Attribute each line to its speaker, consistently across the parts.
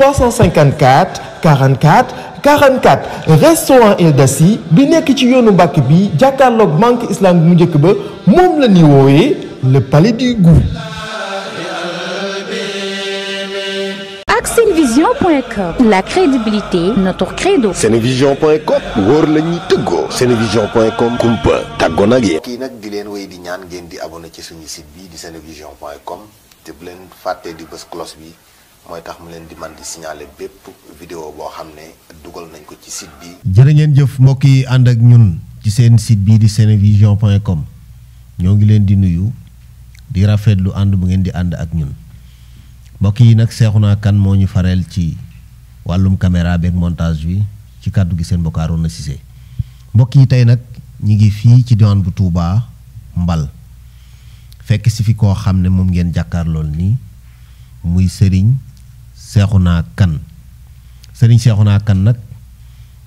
Speaker 1: 354 44 44 restaurant El d'assi bi nek ci yoonu bi manque islam mu njëkk ba mom la ni woyé le palais du goût. ak la crédibilité notre credo.
Speaker 2: senevision.com world la Togo. tëggoo. senevision.com kumpa Tagona. Qui yéen. ce pas di leen wéy di ñaan ngeen di abonné ci suñu site bi di senevision.com te bu leen fàtte di cloche moy tax mu len di man di signaler bepp vidéo bo xamné duggal dugal nañ ko ci site bi. jere ngeen jëf mbokk yi and ak ñun ci seen site bi di senevision.com ñoo ngi len di nuyu di rafetlu and bu ngeen di and ak ñun mbokk yi nak Seexuna Kan moo ñu fareel ci walum caméra bek montage bi ci kaddu gi seen bokaro na Cissé mbokk yi tay nak ñi ngi fi ci bu Touba Mbal fekk ci fi ko xamne mom ngeen jakar lol ni muy serigne Seexuna Kan sëriñ naa Kan nag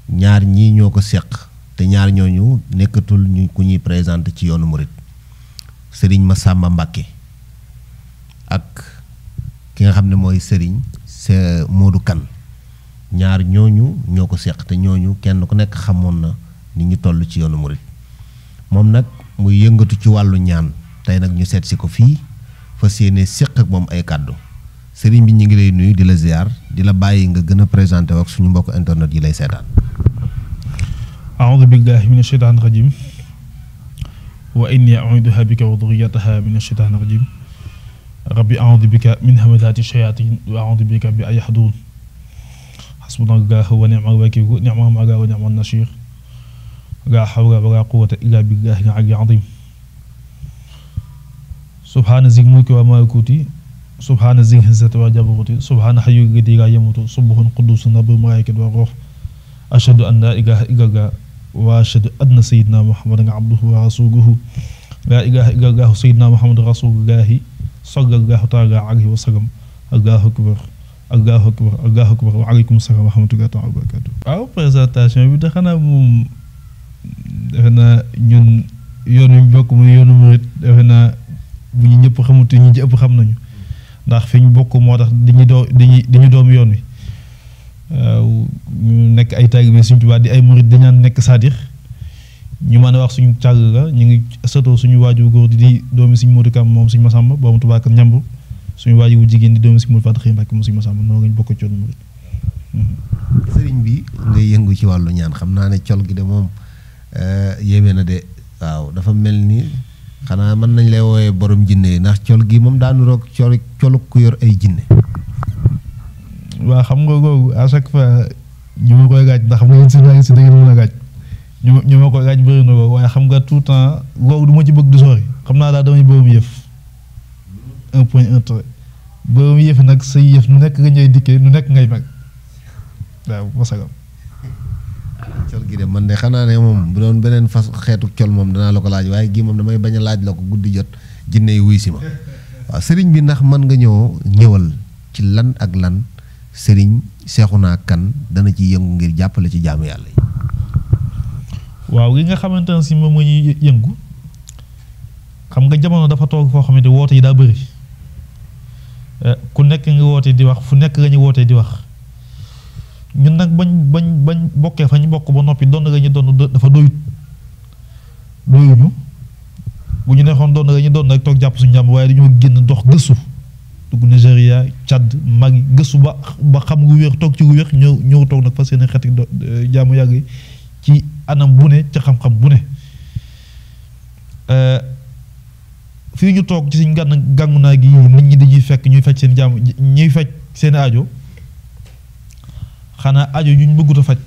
Speaker 2: ñaar ñii ñoo ko seq te ñaar ñooñu nekkatul ñu ku ñuy présenté ci yoonu murit sëriñ sàmma Mbàkke ak ki nga xam ne mooy sëriñ se Moodu Kan ñaar ñooñu ñoo ko seq te ñooñu kenn ku nekk xamoon na ni ñu toll ci yoonu murit moom nag muy yëngatu ci wàllu ñaan tey nag ñu seet si ko fii fa yéene séq ak moom ay kàddu sëriñ bi ñu ngi lay nuyu di la ziar di la bàyyi nga gën a présenté wax suñu mbokk internet yi lay seetaan
Speaker 3: aoudu billahi min asheytaan rajim wa inni auduha bika wa duriyataha min asheytaan rajim rabbi aoudu bika min hamadaati shayatin wa aoudu bika bi ay yaxduun xasbuna allahu wa nicma alwakilu nicma maga wa nicma nasir la xawla wala quwata illa billahi al ali azim subhana zik mulki wa malakuti سبحان ذي العزة وجبروته سبحان حي الذي لا يموت سبح قدوس رب مايك والروح أشهد أن لا إله إلا الله وأشهد أن سيدنا محمد عبده ورسوله لا إله إلا الله سيدنا محمد رسول الله صلى الله تعالى عليه وسلم الله أكبر الله أكبر الله أكبر وعليكم السلام ورحمة الله تعالى وبركاته او présentation bi de xanaa moom defe naa ñun yoon wi bokk muy yoonu murit defe naa bu ñu ñëpp ndax fi ñu bokk moo tax dañuy doo dañuy dañuy doom yoon wi ñu nekk ay taalibe Sëriñ Tuubaa di ay murid dañaan nekk saadix ñu mën a wax suñu càgg la ñu ngi sëtoo suñu waajur góor di di doomi Sëriñ Moodu Kam moom Sëriñ Masamba boobu Tuubaa Kër Njambur suñu waajur bu jigéen di doomi Sëriñ Moodu Faat Xëy Mbàkke moom Sëriñ Masamba noonu lañ bokk coon murid
Speaker 2: sëriñ bi ngay yëngu ci wàllu ñaan xam naa ne col gi de moom eh, yéeme na de waaw dafa mel nii xanaa mën nañ lay wooyee borom jinne ndax col gi moom
Speaker 3: daanu roog col colu ku yor ay jinne waa xam nga googu à chaque fois ñu ma koy gaaj ndax mooy si maa ngi si dëgg mën a gaaj ñu ma ñu ma koy gaaj bëri na waaye xam nga tout temps googu du ma ci bëgg du sori xam naa daal damay boobu yëf un point un trait boobu yëf nag sa yëf nu nekk nga ñooy dikkee nu nekk ngay mag waaw masagam
Speaker 2: col gi de man de xanaa ne moom bu doon beneen fas xeetu col moom danaa la ko laaj waaye gi moom damay bañ a laaj la ko guddi jot jinne yi wuy si ma waaw sëriñ bi ndax man nga ñëw ñëwal ci lan ak lan sëriñ seexuna kan dana ci yëngu ngir jàppale ci jaamu yàlla yi
Speaker 3: waaw gi nga xamante ne si moom ñuy yëngu xam nga jamono dafa toog foo xamante woote yi daa bëri eh, ku nekk nga woote di wax fu nekk nga ñu woote di wax ñun nag bañ bañ bañ bokkee fa ñu bokk ba noppi doon nga ñu doon dafa doyut doyuñu bu ñu neexoon doon nga ñu doon rek toog jàpp suñu jàmm waaye dañoo génn dox gëstu dugg Nigéria Tchad mag gësu ba ba xam gu wéex toog ci gu wéex ñëw ñëw toog nag fa seen i xeeti jaamu yàgg ci anam bu ne ci xam-xam bu ne euh, fii ñu toog ci suñ gànn gàngu naa gi nit ñi dañuy fekk ñuy faj seen jàmm ñuy faj seen aajo. xanaa ajo juñ bëggut a faj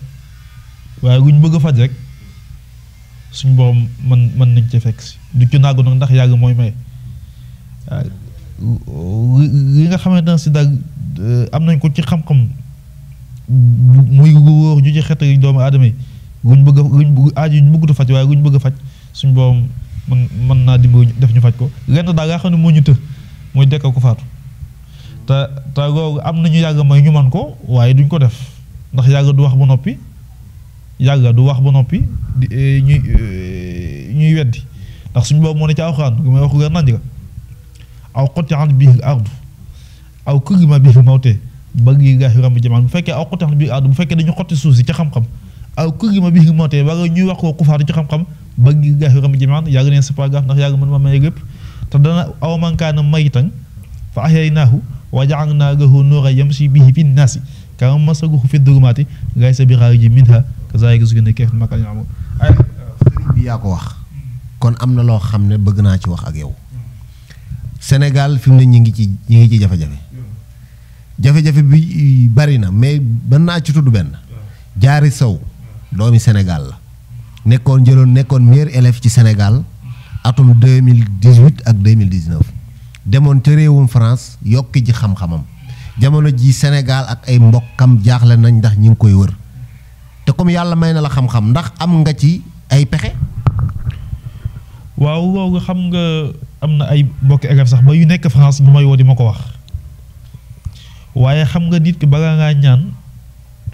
Speaker 3: waaye guñ bëgg a faj rek suñ borom man mën nañ ci fekk si du ci nàgg nag ndax yàgg mooy may li nga xamante ne si euh, am nañ ko ci xam muy wóor ju ci xet doomu aadama yi guñ bëgg a guñ aju juñ bëggut a faj waaye guñ bëgg a faj suñ borom mën mën naa dimbali def ñu faj ko lenn daal nga xam ne moo ñu të mooy dekk ko faatu te te loolu am nañu yàgg may ñu man ko waaye duñ ko def ndax yàgg du wax bu noppi yàgg du wax bu noppi di eh, ñuy eh, ñuy weddi ndax suñu boobu moo ne ci alxuraan gu may wax gën nañ ga aw quti'at bihi al-ardu aw kugima bihi mawte ba yi gaa xiram jamaan bu fekkee aw quti'at bihi al-ardu bu fekkee dañu xotti suuf si ci xam-xam aw kugima bihi mawte ba nga ñuy wax ko kufaar ci xam-xam ba yi gaa xiram jamaan yàgg ne c'est pas grave ndax yàgg mën ma may lépp te dana aw man kaana mayitan fa ahyaynahu wa ja'alna lahu nuuran yamshi bihi fi nnaasi kama masaguhu fi durumaati laysa bi xaariji minha kazaalika zuyyina li kaafirina maa kaanu ya'maluun euh, sëriñ bi
Speaker 2: yaa ko wax kon am na loo xam ne bëgg naa ci wax ak yow Sénégal fi mu ne ñu ngi ci ñu ngi ci jafe-jafe jafe bi bari na mais mën naa ci tudd benn jaari sow doomi Sénégal la nekkoon jëloon nekkoon meilleur élève ci Sénégal atum deux mille dix huit ak deux mille dix neuf demoon ca réewum France yokki ji xam-xamam. jamono ji senegal ak ay mbokam jaaxle nañ ndax ñing koy wër te comme yalla mayna la xam-xam ndax am nga ci ay pexé
Speaker 3: waaw waaw nga xam nga am na ay mbokki egaf sax ba yu nekk France bu may wo di mako wax waye xam nga nit ki nga nga ñaan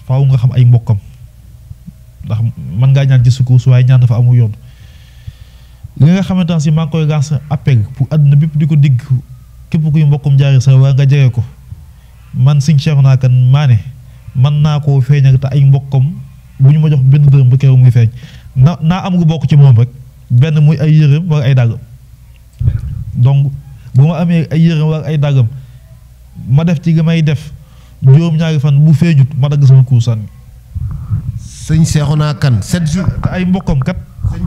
Speaker 3: faaw nga xam ay mbokam ndax man nga ñaan ci su way ñaan dafa amu yoon li nga xamante si maa koy gas appel pour aduna bépp diko digg képp kuy mbokkum sa wa nga ko man sëñ Cheikhouna Kane maa ne man naa koo feeñal te ay mbokkam bu ñu ma jox benn dërëm ba keroog muy feeñ na naa am gu bokk ci moom rek benn muy ay yërëm wala ay dàggam donc bu ma amee ay yërëm wala ay dàggam ma def ci li may def juróom-ñaari fan bu feeñut ma dagg sama kuur sànni. sëñ Cheikhouna Kane ay mbokkam kat.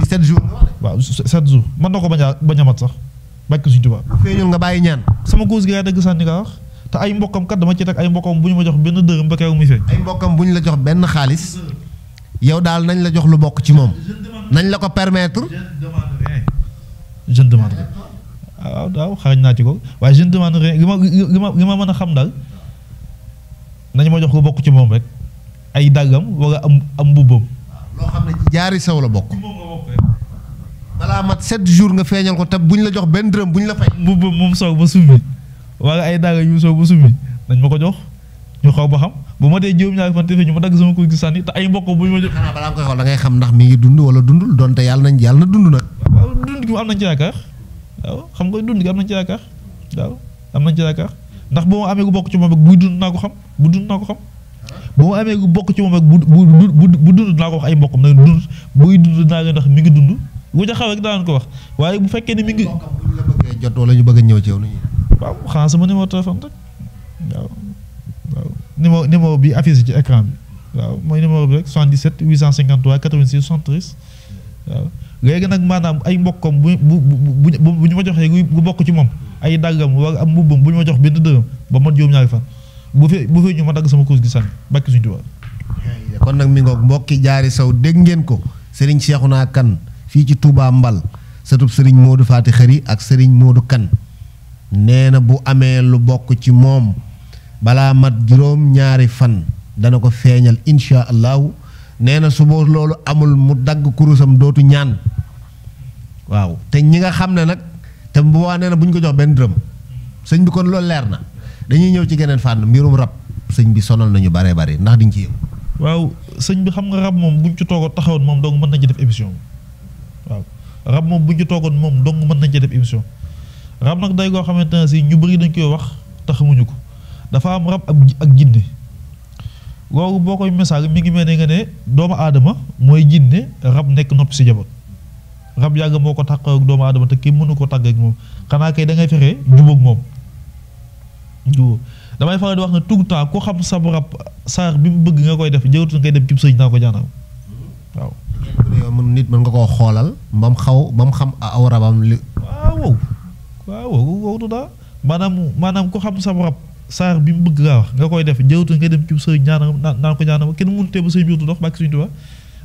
Speaker 3: sëñ bi sept waaw sept jours mën na ko ba a bañ a mat sax bàkk suñ tubaab. bu feeñul nga bàyyi ñaan. sama kuus gi yaa dagg sànni nga wax. te ay mbokkam kat dama ci rek ay mbokkam bu ñu ma jox benn dërëm ba kew muy feeñ ay mbokkam bu ñu la jox benn xaalis yow daal nañ la jox lu bokk ci moom nañ la ko permettre je ne demande rien waaw ah, naa ci ko waaye je ne demande ma ma li ma mën a xam daal nañ ma jox lu bokk ci moom rek ay dàggam wala am am mbubbam loo xam ne ci jaari saw la bokk balaa mat set jours nga feeñal ko te buñ la jox benn dërëm buñ la fay mbubbam moom sow ba suuf wala ay daaga yu soo bu summi dañ ma ko jox ñu xaw ba xam bu ma dee juróom-ñaari fan te fi ñu ma dagg sama kuy gi sànni te ay mbokk bu ñu ma jox xanaa balaa nga koy ngay xam ndax mi ngi dund wala dundul donte yàlla nañ
Speaker 2: yàlla dund nag
Speaker 3: waaw dund gi am nañ ci yaakaar waaw xam nga dund gi am nañ ci yaakaar waaw ndax bu amee ku bokk ci moom rek buy dund naa xam bu dund naa ko xam amee ku bokk ci moom rek bu bu dund naa ko wax ay mbokkam buy dund naa ndax mi ngi dund bu ca xaw rek daan ko wax waaye bu fekkee ne mi ngi
Speaker 2: jot wala ñu bëgg ñëw ci yow
Speaker 3: waaw xanaa sama numéro téléphone rek waaw waaw numéro numéro bi affiché ci écran bi waaw mooy numéro bi rek 77 853 86 73 waaw léegi nag maanaam ay mbokkam bu bu bu bu ñu ma joxee bu bokk ci moom ay dàggam wala am mbubbam bu ñu ma jox benn dërëm ba ma juróom-ñaari fan bu fe bu fe ñu ma dagg sama course gi sànni bàkki suñu tubaab.
Speaker 2: kon nag mi ngoog mbokki jaari saw dégg ngeen ko Serigne naa kan fii ci Touba Mbal sëtub Serigne Modou Faty Khary ak Serigne Modou Kane. nee na bu amee lu bokk ci moom balaa mat juróom ñaari fan dana ko feeñal insha allahu nee na suba loolu amul mu dagg kurusam dootu ñaan waaw te ñi nga xam ne nag te bu boobaa nee bu ñu ko jox benn dërëm sëñ bi kon lool leer na dañuy ñëw ci geneen fànn mbirum rab sëñ bi sonal nañu bare bare ndax diñ ci yow
Speaker 3: waaw sëñ bi xam nga rab moom buñ ci toogoon taxawoon moom dong mën nañ ci def émission waaw rab moom buñ ci toogoon moom dong mën nañ ci émission rab nag day koo xamante ne si ñu bëri dañ koy wax te ko dafa am rab ak jinne loolu boo koy misaal mi ngi mel ne nga ne doomu aadama mooy jinne rab nekk nopp si jaboot rab yàgg moo ko tàqoo doomu aadama te kii mënu ko tàgg moom xanaa kay da fexe jubóog moom jubóog damay faral di wax ne tout le temps ku xam sab rab saar bi mu bëgg nga koy def jëwtu ngay dem cib sëñ naa ko jaanam
Speaker 2: waaw. nit mën nga koo xoolal
Speaker 3: ba xaw ba xam aw rabam li. waaw. waaw wowutu daa maanaam maanaam ku xam sama rab saar bi mu bëgg ngaa wax nga koy def jëwtu nga dem ci sëriñ ñaanam naan ko ñaanam kenn mënut tee ba sëriñ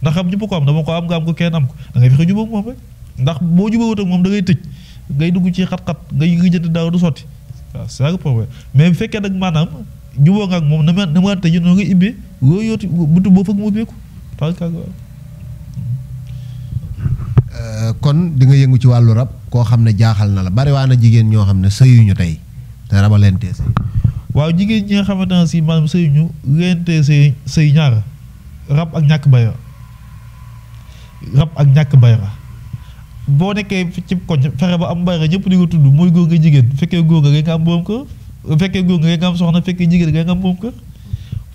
Speaker 3: ndax xam ñëpp ko am dama ko am nga am ko kenn am ko da ngay fexe jubóog moom rek ndax boo jubóowut ak moom da ngay tëj ngay dugg ci xat-xat nga jënd daaw du sotti waaw c'est un problème mais bu fekkee nag maanaam jubóo nga ak moom na ma na ma tëj noonu nga ibbee wóoyootu buntu boo fëgg mu ubbeeku tànk
Speaker 2: Euh, kon di nga yëngu ci wàllu rab koo xam ne jaaxal na la bari waa na jigéen ñoo xam ne sëyuñu tey
Speaker 3: te raba leen tee sëy waaw jigéen ñi nga xamante ne si maanaam sëyuñu leen tee sëy sëy ñaar rab ak ñàkk bayra rab ak ñàkk bayra boo nekkee ci koñ fexe ba am bayra ñëpp ni ko tudd mooy góor nga jigéen fekkee góor nga nga am boom fekkee góor nga nga am soxna fekkee jigéen nga nga am boom kër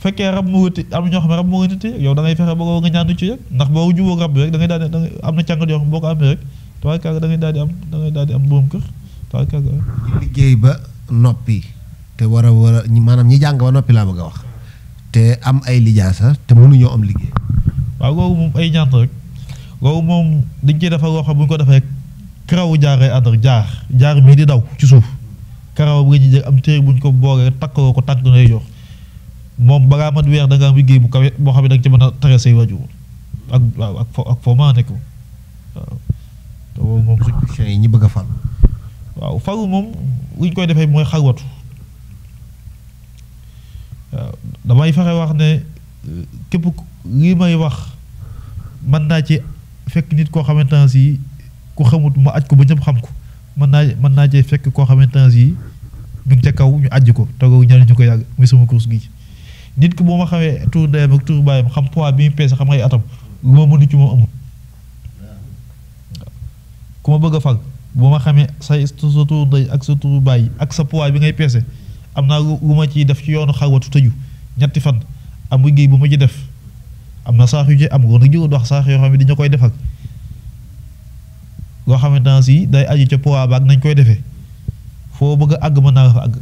Speaker 3: fekkee rab moo wëti am ñoo xam ne rab moo wëti yow da ngay fexe ba nga ñaanu boo jubóog da ngay daal di am na ko amee da ngay daal di am da ngay daal di liggéey ba
Speaker 2: noppi te war a war a maanaam ñi jàng ba noppi laa bëgg a wax te am ay
Speaker 3: lijaasa te mënuñoo am liggéey waaw googu moom ay ñaan rek googu moom dañ ciy defar loo ko defee karawu jaar ay ànd jaar jaar mii di daw ci suuf karaw bi nga ci jël am téere bu ko boogee takkaloo ko tànk nay jox moom balaa man weer da nga am bu kawe boo xam ne da nga ci a tere say waajur ak ak fo ak foo maa moom suñ ñi bëgg a fal. moom li ñu koy defee mooy xalwatu waaw damay fexe wax ne eh, képp lii may wax mën naa ci fekk nit koo xamante ne si ku xamut ma aj ko ba ñëpp xam ko mën naa mën naa ci fekk koo xamante ne si ñu ngi ca kaw ñu ajj ko toog ñaari ñu ko yàgg muy sama course gi. nit ki boo ma xamee tur dayam ak tur bu xam poids bi mu peese xam ay atam lu ma mën ci moom amul ku ma bëgg a fag boo ma xamee say sa tur day ak sa tur baay ak sa poids bi ngay peese am naa lu ma ciy def ci yoonu xawatu tëju ñetti fan am liggéey bu ma ci def am na saax yu ci am woon na jëwul dox saax yoo xam ne dañu koy def ak loo xamante ne si day aju ca poids ba nañ koy defee foo bëgg àgg mën naa fa àgg.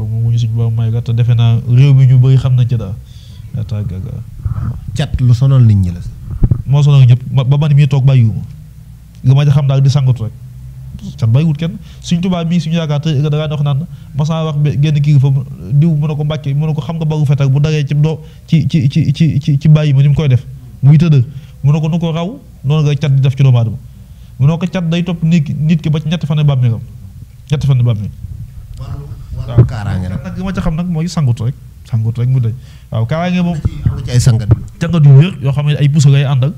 Speaker 3: kooku moom ñu suñu borom may ko te defe naa réew mi ñu bëri xam nañ ci daal ata gaga cat lu sonal nit ñi la moo sonal ñëpp ba man mii toog bàyyiwuma li ma ci xam daal di sangatu rek cat bàyyiwut kenn suñ tubaab mii suñu yaakaar te da ngaa wax naan masaa wax génn kii fa diw ko mbàcce mën ko xam nga bagu fetal bu daree ci doo ci ci ci ci ci ci bàyyi ma ni mu koy def muy tëdd mën na ko nu ko raw noonu nga cat def ci doomu aadama mën na ko cat day topp nit ki nit ki ba ci ñetti fan bàmmeelam ñetti fan bàmmeel waaw kaaraange rek nag ma ca xam nag mooy sangut rek sangut rek mu de waaw kaaraange moom ci ay sangat sangat yu wér yoo xam ne ay puso ngay àndal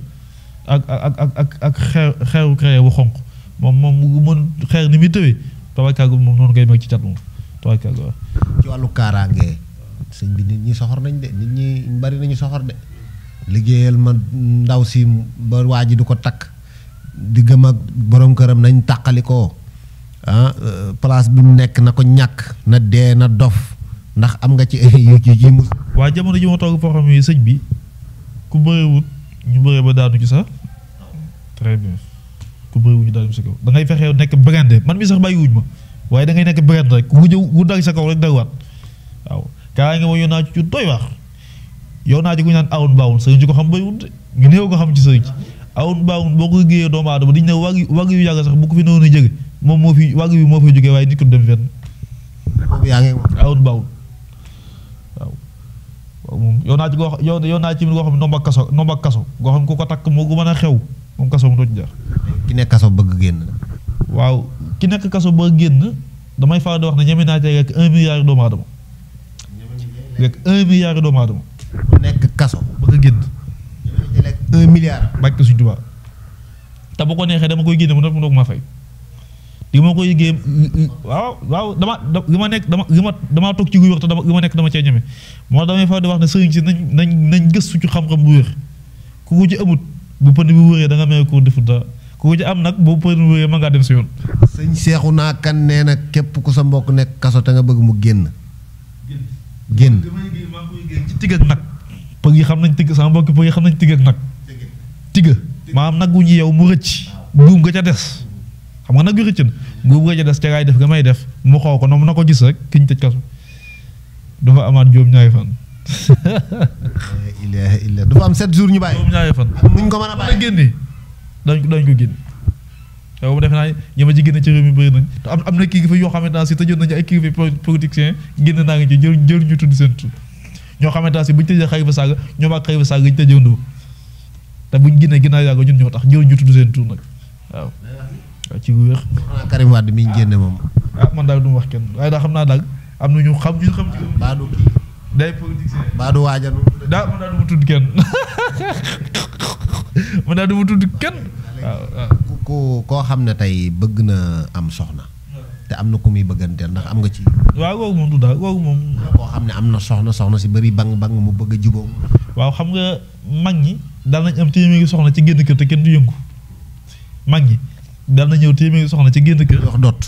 Speaker 3: ak ak ak ak ak xeer xeeru créé wu xonq moom moom mën xeer ni muy eh? tëwee tabarkaagu moom noonu ngay mag ci cat moom tabarkaagu ci wàllu kaaraange eh. sëñ bi nit ñi soxor
Speaker 2: nañ de nit ñi bari nañu soxor de liggéeyal ma mm, ndaw si ba waa ji du ko takk diggam ak borom këram nañ tàqalikoo ah eh, place bi mu na ko na de na dof ndax am nga ci yu yu mu wa
Speaker 3: jamono ji mo togg fo xam yi sëñ bi ku wut ñu bëree ba daanu ci sa très bien ku wu ñu daanu ci kaw da ngay fexe nek brandé man mi sax bàyyi wuñ ma waye da ngay nek brand rek wu ñu wu dag sa kaw rek wat waaw ka nga mo yonaa ci doy wax yonaa ji ku ñaan awun baawun sëriñ ci ko xam wut ñu neew ko xam ci sëriñ awun baawun boo ko liggéeyee doomu diñ ne wagi wagi yu yàgg sax bu ko fi noonu jëgë moom moo fi wàgg bi moo fi jógee waaye nit ku dem fenn. yaa ngi awut yow naa ci goo yow yow naa ci goo xam ne takk moo mën xew kaso mu doon nekk kaso bëgg génn. waaw ki nekk kaso bëgg génn damay faral di wax ne ñeme naa ci rek un milliard doomu te bu ko neexee dama koy génne mu ne ma fay. li ma koy géem waaw waaw dama li ma nekk dama li ma damaa toog ci guy waxtu dama li ma nekk dama cee ñeme moo damay fa di wax ne sëriñ si nañ nañ nañ gëstu ci xam-xam bu wér ku ko ci amut bu pënd bi wëree da nga mel ko defut dara ku ko ci am nag bu pënd bi wëree ma ngaa dem si yoon. sëñ seexu naa kan nee na ku sa mbokk nekk kaso te nga bëgg mu génn. génn ci tigg ak nag. pëg yi xam nañ tigg sama mbokk pëg yi xam nañ tigg ak nag. tigg maam nak wu ñu yow mu rëcc. buum nga ca des. xam nga nag yu xëccën góob nga ca des ca gaay def ga may def mu xaw ko noonu na ko gis rek kiñ tëj kaso fa amaat juróom ñaari fan.
Speaker 2: ilaha illa dafa am sept jours ñu bàyyi. juróom
Speaker 3: ñaari fan. nuñ ko mën a génne dañ dañ ko génne. te boobu defe ma ci génne ci réew mi bëri nañ te am am na kii fa yoo xamante ne si tëjoon nañu ay kii fa politiciens génn jël jël ñu tudd seen tur ñoo xamante ne buñ bu ñu tëjee Khalifa Sall ñoom ak Khalifa Sall ñu tëjee ndoo te bu ñu génnee ginnaaw yàgg ñun ñoo tax jël ñu tudd seen tur nag waaw ci gu wér ah, Karim Wade mi génne moom ah man daal du wax kenn waaye daa xam naa am nu ñu xam ñu xam ci baa du Badu day politicien baa du waajal daa man daal du ma tudd kenn man daal du tudd
Speaker 2: bëgg na am soxna te am ku muy bëgganteel ndax am nga ci waaw googu moom du daal googu moom koo soxna soxna si bëri bang
Speaker 3: bang mu bëgg jubo. jubóom xam nga mag ñi daan nañ am téeméeri soxna ci génn kër te du yëngu mag ñi dal na ñëw téeméeri soxna ci génn kër. wax dot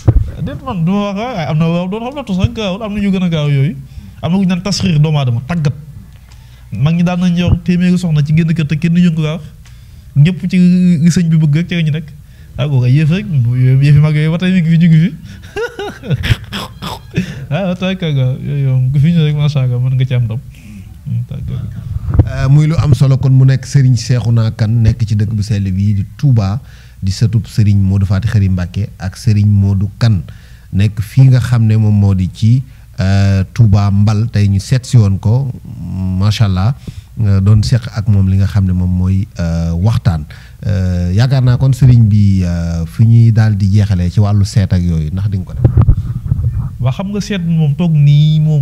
Speaker 3: déet man du ma wax waaye am na waaw doon xam dott sax gaawul am na ñu gën a gaaw yooyu am na ku ñu naan tasxiir doomu aadama tàggat mag ñi daan nañ yor téeméeri soxna ci génn kër te kenn ñu ko wax ñëpp ci sëñ bi bëgg rek ci ñu nekk ah kooku yëf rek yëfi mag yooyu ba tey mi ngi fi ñu ah, yooyu moom ñu rek macha allah mën nga ci am ndam. Hmm,
Speaker 2: euh, muy lu am solo kon mu nekk Serigne Cheikhouna kan nekk ci dëkk bu sell bii di Touba di sëtub Serigne moo Faty xëri Mbacké ak Serigne Modou kan nekk fii nga xam ne moom moo di ci euh, Touba Mbal tey ñu seet si woon ko macha allah euh, doon seq ak moom li nga xam ne moom mooy waxtaan yaakaar naa kon Serigne bi fi ñuy daal di jeexalee ci wàllu seet ak yooyu ndax di ko def.
Speaker 3: waa xam nga seet moom toog nii moom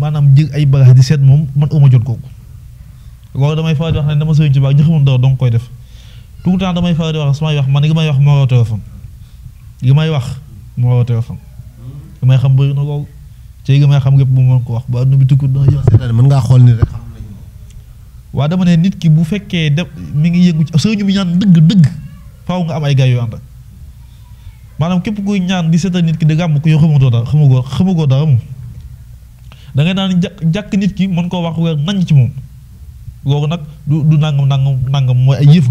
Speaker 3: maanaam jëg ay bagages di seet moom man uma jot kooku loolu damay faral di wax ne dama sëriñ ci baax ñu xamul dara dong koy def tout le temps damay faral di wax su may wax man li may wax moo raw téléphone may wax moo raw téléphone li may xam bëri na te li may xam lépp bu mën ko wax ba adduna bi mën ngaa xool ni rek waa dama ne nit ki bu fekkee de mi ngi yëgu ci sëriñ bi ñaan dëgg dëgg faaw nga am ay gars yu ànd maanaam képp kuy ñaan di seetal nit ki di gàmm ko yow xamagoo dara xamagoo xamagoo dara moom da ngay daan jàkk nit ki mën koo wax weer nañ ci moom loolu nag du du nangam nangam nangam mooy ay yëf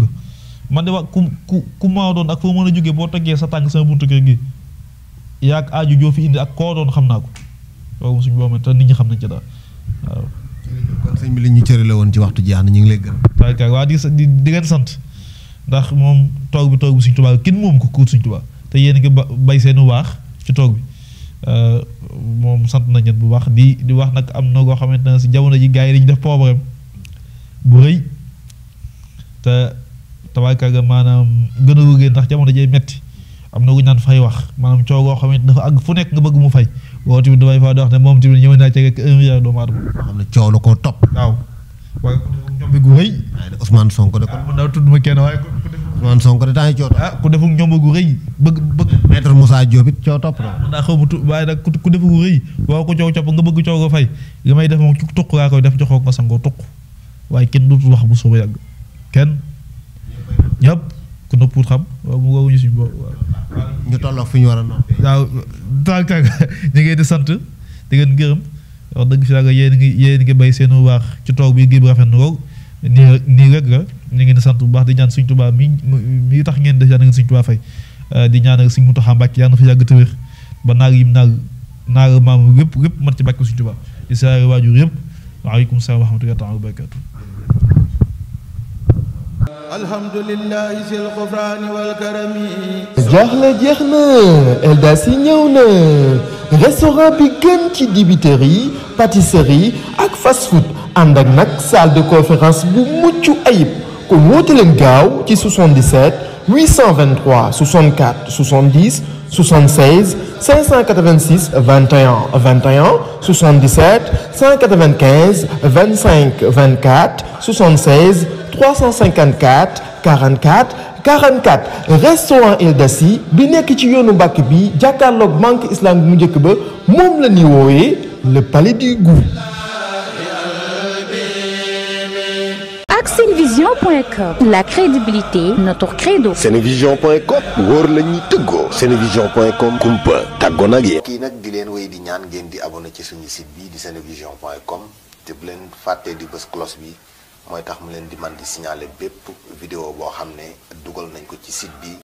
Speaker 3: ga de wax ku ku ku maa doon ak foo mën a jógee boo teggee sa tànk sama buntu kër gi yaa ak aaju joo indi ak koo xam naa ko loolu suñu boobaa te nit ñi xam nañ ci daal waaw. li ñu cërale woon ci waxtu jeex na ñu ngi lay gërëm. waaw waa di di di leen sant ndax moom toog bi toog suñ tubaab kenn moom ko kuut suñ tubaab. te yéen ba bay seenu waax ci toog bi euh, moom sant nañu bu baax di di wax nag am na koo xamante ne si jamono ji gars yi dañu def problème bu rëy te maanaam gën a ndax jamono jee metti am na gu ñaan fay wax maanaam coow goo xamante dafa àgg fu nekk nga bëgg mu fay woo tamit dafay faa di wax ne moom tamit ñëw naa ceeg ak un milliard doomu aadama. xam ne coow la koo topp. waaw waaye kon ñoom bi gu rëy. waaye
Speaker 2: nag de
Speaker 3: kon mën naa tudd ma kenn waaye kon. Ousmane Sonko de temps yi coo ko ah ku defuk ñomb gu rëy bëgg bëgg. maître Moussa Diop it coo topp na. waaye nag ku defuk gu rëy waaw ko coow copp nga bëgg coow nga fay li may def moom ci tuq laa koy def joxoo ko sangoo tuq waaye kenn dootul bu soo yàgg kenn ñëpp ku nëpput xam waaw mu wowuñu suñu bopp waaw. fu ñu war a noppee. waaw tànk ñu ngi di sant di gërëm dëgg fi laa nga yéen ngi bay seen u baax ci toog bi gi rafet na nii rek nii rek la ñu ngi sant bu baax di ñaan suñ tubaa mi mi tax ngeen def yàlla na ngeen suñ tubaa fay euh, di ñaanal suñ Muntaxa Mbàkke yàlla na fa yàgg te ba naag yim naag naag maam yëpp yëpp mën ci bàkk suñ tubaa di saare waajur yëpp waaleykum salaam wa a taala wa barakatu alhamdulillahi sil xufraani wal
Speaker 1: karami jaaxle jeex na Elda si ñëw na restaurant bi gën ci dibiterie pâtisserie ak fast food ànd ak nag salle de conférence bu mucc ayib au woote 77 823 64 70 76 586 21 21 77 195 25 24 76 354 44 44 restaurant El Daci bi nekk ci yoonu mbak bi jàkkaarloog banque Islam mu ba le palais du goût senevision.com la crédibilité notre credo
Speaker 2: senevision.com wóor la ñuy kumpa tàggoon ak yéen kii nag di leen wéy di ñaan ngeen di abonné ci suñu site bi di senevision.com te bu leen di bës cloche bi mooy tax mu leen di di signaler bépp vidéo bo xam ne dugal nañ ko ci site bi